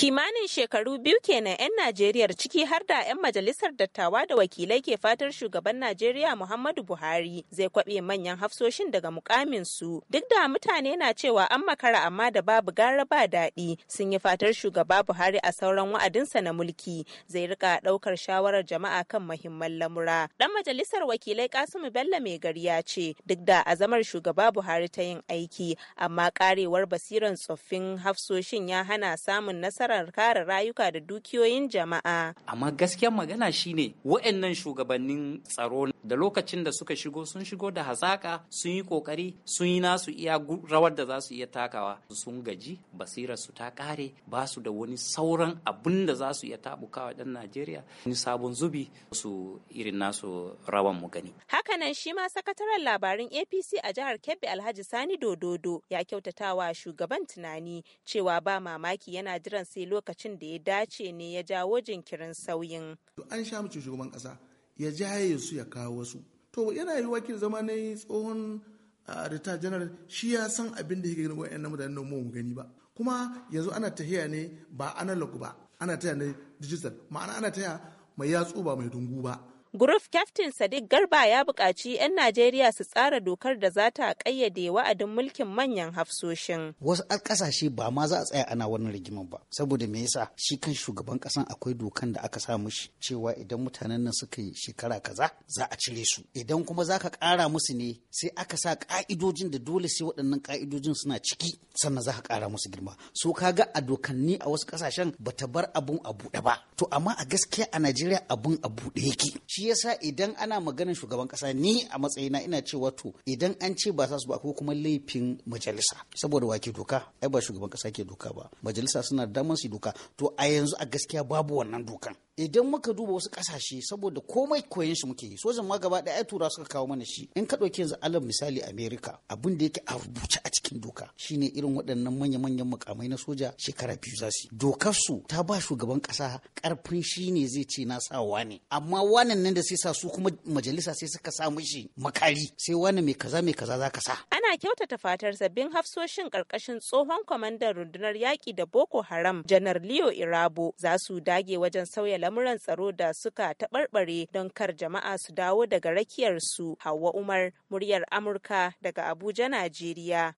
Kimanin shekaru biyu kenan 'yan Najeriyar ciki har da 'yan majalisar dattawa da wakilai ke fatar shugaban Najeriya Muhammadu Buhari zai kwaɓe manyan hafsoshin daga mukamin su. Duk da mutane na cewa an makara amma da babu gara ba daɗi sun yi fatar shugaba Buhari a sauran wa'adinsa na mulki zai rika ɗaukar shawarar jama'a kan muhimman lamura. Ɗan majalisar wakilai Kasimu Bello mai gari ya ce duk da azamar shugaba Buhari ta yin aiki amma ƙarewar basiran tsoffin hafsoshin ya hana samun nasara nasarar kare rayuka da dukiyoyin jama'a. Amma gaskiyar magana shine wa'annan shugabannin tsaro da lokacin da suka shigo sun shigo da hazaka sun yi kokari sun yi nasu iya rawar da za su iya takawa sun gaji basirar su ta kare ba su da wani sauran abin da za su iya tabukawa dan Najeriya wani sabon zubi su irin nasu rawan mu gani. Hakanan shi ma sakataren labarin APC a jihar Kebbi Alhaji Sani Dododo ya kyautatawa shugaban tunani cewa ba mamaki yana jiran sai sai lokacin da ya dace ne ya jawo jinkirin sauyin. An sha mace shugaban ƙasa ya jaye su ya kawo wasu. To yana yi wakil zama na tsohon rita janar shi ya san abin da yake gani 'yan mutanen da mu gani ba. Kuma yanzu ana tahiya ne ba analog ba ana taya ne digital ma'ana ana taya mai yatsu ba mai dungu ba. Guruf Captain Sadiq Garba ya buƙaci 'yan Najeriya su tsara dokar da za ta ƙayyade wa'adin mulkin manyan hafsoshin. Wasu ƙasashe ba ma za a tsaya ana wannan rigima ba, saboda me yasa shi kan shugaban ƙasan akwai dokan da aka sa mushi cewa idan mutanen nan suka yi shekara kaza za a cire su. Idan kuma za ka ƙara musu ne sai aka sa ƙa'idojin da dole sai waɗannan ƙa'idojin suna ciki sannan za ka ƙara musu girma. So ka ga a dokanni a wasu ƙasashen ba ta bar abun a buɗe ba. To amma a gaskiya a Najeriya abun a buɗe yake. shi yasa idan ana maganar shugaban kasa ni a matsayina ina cewa to idan an ce ba za su ba ko kuma laifin majalisa saboda wa doka ai ba shugaban kasa ke doka ba majalisa suna da damar su doka to a yanzu a gaskiya babu wannan dokan idan muka duba wasu kasashe saboda komai koyon shi muke yi sojan ma gaba ɗaya tura suka kawo mana shi in ka ɗauki yanzu alal misali america abin da yake a rubuce a cikin doka shine irin waɗannan manya-manyan mukamai na soja shekara biyu za su dokar su ta ba shugaban ƙasa ƙarfin shi ne zai ce na sa wane amma wanan nan da sai sa su kuma majalisa sai suka sa mishi makari sai wani mai kaza mai kaza za ka sa yana kyautata fatar sabbin hafsoshin ƙarƙashin tsohon kwamandan rundunar yaƙi da Boko Haram Janar Leo Irabo za su dage wajen sauya lamuran tsaro da suka taɓarɓare don kar jama'a su dawo daga rakiyar su Hauwa Umar muryar Amurka daga Abuja, Najeriya.